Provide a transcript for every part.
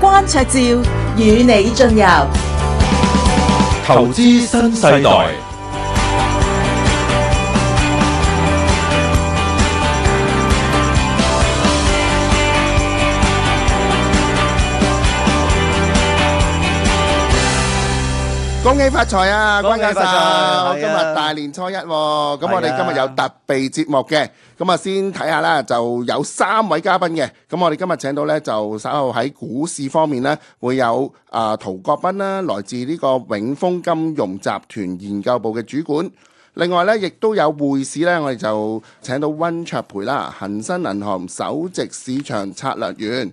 關赤照，與你盡游。投資新世代。恭喜發財啊，關家實！今日大年初一，啊，咁是、啊、我哋今日有特別節目嘅，咁我是、啊、先睇下啦，就有三位嘉賓嘅，咁我哋今日請到呢，就稍後喺股市方面呢，會有啊、呃、陶國斌啦、啊，來自呢個永豐金融集團研究部嘅主管，另外呢，亦都有匯市呢，我哋就請到温卓培啦，恒生銀行首席市場策略員。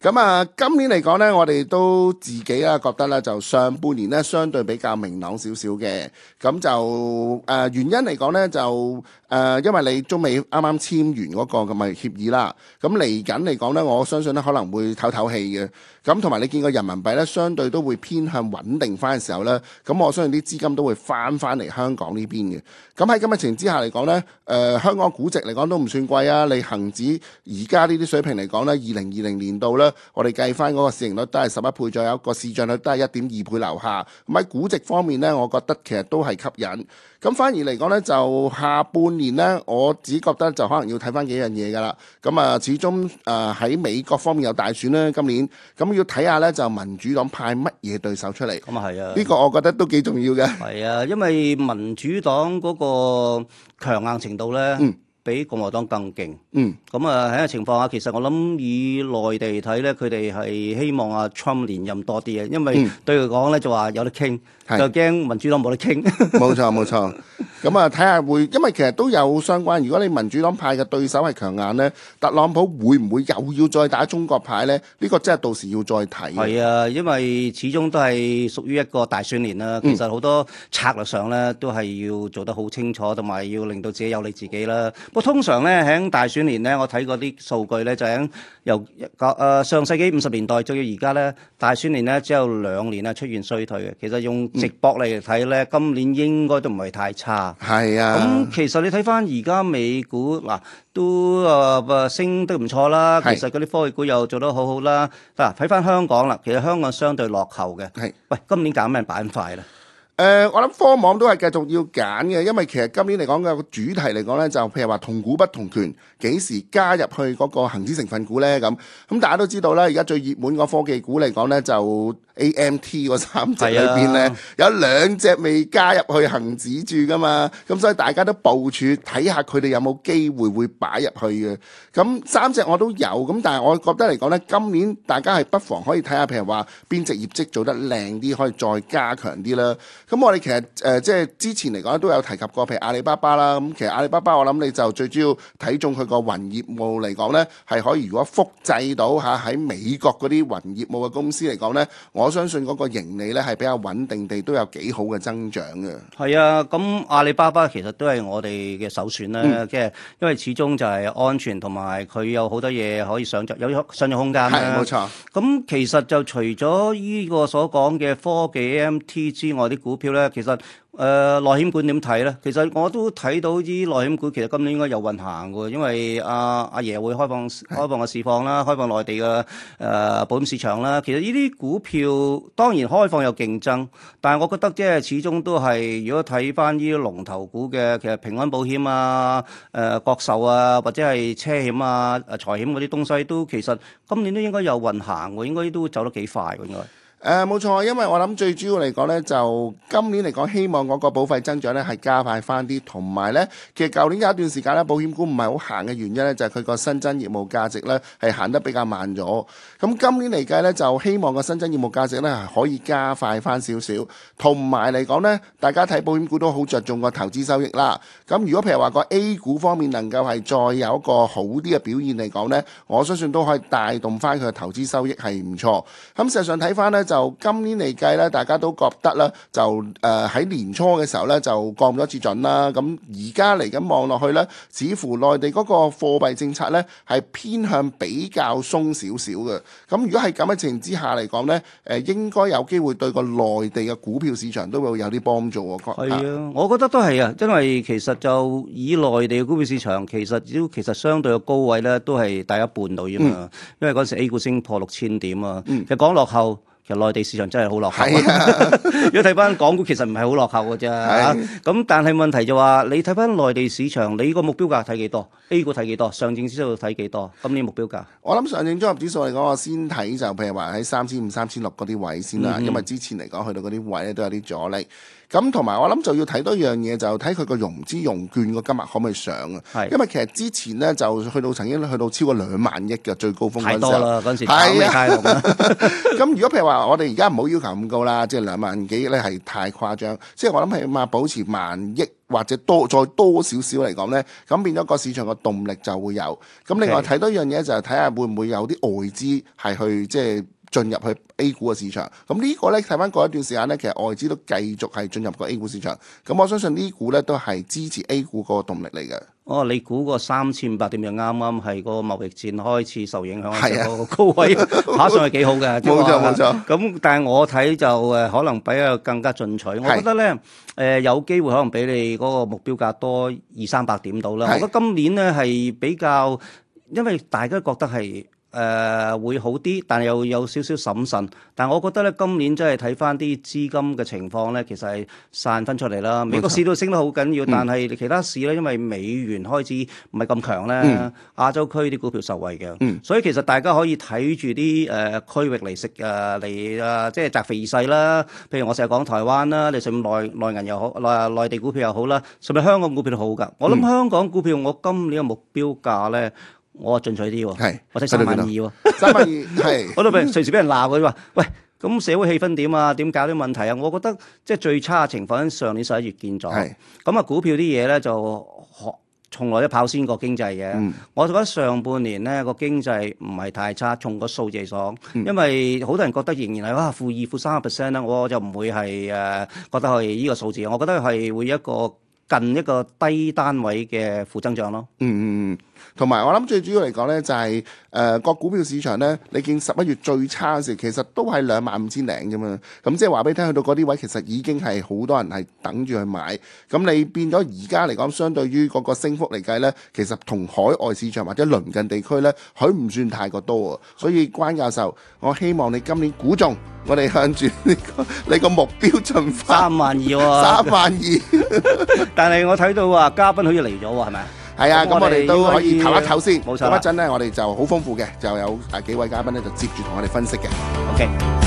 咁啊、嗯，今年嚟講呢我哋都自己啦，覺得呢就上半年呢相對比較明朗少少嘅，咁、嗯、就誒、呃、原因嚟講呢就誒、呃，因為你中美啱啱簽完嗰個咁嘅協議啦，咁嚟緊嚟講呢我相信呢可能會透透氣嘅，咁同埋你見個人民幣呢，相對都會偏向穩定翻嘅時候呢。咁、嗯、我相信啲資金都會翻翻嚟香港呢邊嘅，咁喺咁嘅情形之下嚟講呢誒香港估值嚟講都唔算貴啊，你恒指而家呢啲水平嚟講呢二零二零年。到啦，我哋計翻嗰個市盈率都係十一倍左右，一個市賬率都係一點二倍樓下。咁喺估值方面咧，我覺得其實都係吸引。咁反而嚟講咧，就下半年咧，我只覺得就可能要睇翻幾樣嘢噶啦。咁啊，始終誒喺美國方面有大選啦。今年咁要睇下咧，就民主黨派乜嘢對手出嚟。咁啊係啊，呢個我覺得都幾重要嘅、嗯。係啊，因為民主黨嗰個強硬程度咧。嗯比共和黨更勁，咁啊喺個情況下，嗯、其實我諗以內地睇咧，佢哋係希望阿 Trump 連任多啲嘅，因為對佢講咧就話有得傾。是就驚民主黨冇得傾，冇錯冇錯。咁啊，睇下會，因為其實都有相關。如果你民主黨派嘅對手係強硬咧，特朗普會唔會又要再打中國牌咧？呢、呢個真係到時要再睇。係啊，因為始終都係屬於一個大選年啦。其實好多策略上咧，都係要做得好清楚，同埋要令到自己有利自己啦。不過通常咧，喺大選年咧，我睇過啲數據咧，就係由個誒上世紀五十年代，再到而家咧，大選年咧只有兩年啊出現衰退嘅。其實用直播嚟睇咧，今年應該都唔係太差。係啊，咁其實你睇翻而家美股嗱都啊啊、呃、升得唔錯啦。其實嗰啲科技股又做得好好啦。嗱、啊，睇翻香港啦，其實香港相對落後嘅。係，喂，今年揀咩板塊咧？誒、呃，我諗科網都係繼續要揀嘅，因為其實今年嚟講嘅主題嚟講呢，就譬如話同股不同權，幾時加入去嗰個恆指成分股呢？咁咁大家都知道啦，而家最熱門個科技股嚟講呢，就 AMT 嗰三隻裏邊呢，是啊、有兩隻未加入去恒指住㗎嘛，咁所以大家都部署睇下佢哋有冇機會會擺入去嘅。咁三隻我都有，咁但係我覺得嚟講呢，今年大家係不妨可以睇下，譬如話邊隻業績做得靚啲，可以再加強啲啦。咁我哋其實誒即係之前嚟講都有提及過，譬如阿里巴巴啦。咁其實阿里巴巴我諗你就最主要睇中佢個雲業務嚟講咧，係可以如果複製到嚇喺美國嗰啲雲業務嘅公司嚟講咧，我相信嗰個盈利咧係比較穩定地都有幾好嘅增長嘅。係啊，咁阿里巴巴其實都係我哋嘅首選啦，即係、嗯、因為始終就係安全同埋佢有好多嘢可以上著，有上著空間啦。係啊，冇錯。咁其實就除咗呢個所講嘅科技 AMT 之外，啲股。票咧，其實誒、呃、內險股點睇咧？其實我都睇到啲內險股，其實今年應該有運行嘅，因為阿阿、呃、爺會開放開放嘅市況啦，開放內地嘅誒、呃、保險市場啦。其實呢啲股票當然開放有競爭，但係我覺得即係始終都係如果睇翻呢啲龍頭股嘅，其實平安保險啊、誒、呃、國壽啊，或者係車險啊、財險嗰啲東西都，都其實今年都應該有運行嘅，應該都走得幾快嘅應誒，冇錯，嗯，因為我諗最主要嚟講呢，就今年嚟講，希望嗰個保費增長呢係加快翻啲，同埋呢，其實舊年有一段時間呢，保險股唔係好行嘅原因呢，就係佢個新增業務價值呢係行得比較慢咗。咁今年嚟計呢，就希望個新增業務價值呢係可以加快翻少少，同埋嚟講呢，大家睇保險股都好着重個投資收益啦。咁如果譬如話個 A 股方面能夠係再有一個好啲嘅表現嚟講呢，我相信都可以帶動翻佢嘅投資收益係唔錯。咁事實上睇翻呢。就今年嚟計咧，大家都覺得咧，就誒喺年初嘅時候咧，就降咗次準啦。咁而家嚟緊望落去咧，似乎內地嗰個貨幣政策咧係偏向比較鬆少少嘅。咁如果係咁嘅情形之下嚟講咧，誒應該有機會對個內地嘅股票市場都會有啲幫助喎。係啊，我覺得都係啊，因為其實就以內地嘅股票市場，其實都其實相對嘅高位咧，都係大一半到啫嘛。因為嗰時 A 股升破六千點啊。其實講落後。其實內地市場真係好落後，是啊、 如果睇翻港股其實唔係好落後嘅啫，咁但係問題就話你睇翻內地市場，你個目標價睇幾多？A 股睇幾多？上證指數睇幾多？今年目標價？我諗上證綜合指數嚟講，我先睇就譬如話喺三千五、三千六嗰啲位先啦，因為之前嚟講去到嗰啲位咧都有啲阻力。咁同埋我諗就要睇多樣嘢，就睇佢個融資融券個金額可唔可以上啊？是因為其實之前咧就去到曾經去到超過兩萬億嘅最高峰嗰時，太多啦嗰陣時炒，炒咁是、啊、 如果譬如話我哋而家唔好要求咁高啦，即係兩萬幾咧係太誇張。即係我諗起碼，保持萬億或者多再多少少嚟講咧，咁變咗個市場個動力就會有。咁另外睇 Okay. 多樣嘢就係睇下會唔會有啲外資係去即係。進入去 A 股嘅市場，咁呢個咧睇翻過一段時間咧，其實外資都繼續係進入個 A 股市場，咁我相信呢股咧都係支持 A 股個動力嚟嘅。哦，你估個三千五百點就啱啱係個貿易戰開始受影響嗰個高位，爬上去幾好嘅。冇錯冇錯，咁但係我睇就誒可能比佢更加進取，我覺得咧誒有機會可能比你嗰個目標價多二三百點度啦。我覺得今年咧係比較，因為大家覺得係。誒、呃，會好啲，但係又有少少審慎。但係我覺得咧，今年真係睇翻啲資金嘅情況咧，其實係散分出嚟啦。錯美國市都升得好緊要，嗯、但係其他市咧，因為美元開始唔係咁強咧，亞、嗯、洲區啲股票受惠嘅。嗯、所以其實大家可以睇住啲誒區域嚟食誒嚟啊，即係擇肥而噬啦。譬如我成日講台灣啦，你甚至內內銀又好，內內地股票又好啦，甚至香港股票都好噶。我諗香港股票我今年嘅目標價咧。嗯嗯嗯我啊進取啲喎，我睇三萬二喎，三萬二係我都俾隨時俾人鬧，佢話：喂，咁社會氣氛點啊？點搞啲問題啊？我覺得即係最差嘅情況喺上年十一月見咗。咁啊，股票啲嘢咧就從來都跑先過經濟嘅。我覺得上半年咧個經濟唔係太差，從個數字嚟講，因為好多人覺得仍然係啊負二負三 percent 咧，我就唔會係誒覺得係依個數字，我覺得係會一個近一個低單位嘅負增長咯。嗯嗯嗯。同埋我諗最主要嚟講呢，就係誒個股票市場呢，你見十一月最差嗰時，其實都係兩萬五千零啫嘛。咁即係話俾你聽，去到嗰啲位，其實已經係好多人係等住去買。咁你變咗而家嚟講，相對於嗰個升幅嚟計呢，其實同海外市場或者鄰近地區呢，佢唔算太過多啊。所以關教授，我希望你今年估中，我哋向住你個你個目標進化三萬二喎，三萬二。但係我睇到話嘉賓好似嚟咗喎，係咪？係啊，咁我哋都可以唞一唞先。冇錯，咁一陣咧，我哋就好豐富嘅，就有誒幾位嘉賓咧，就接住同我哋分析嘅。 OK。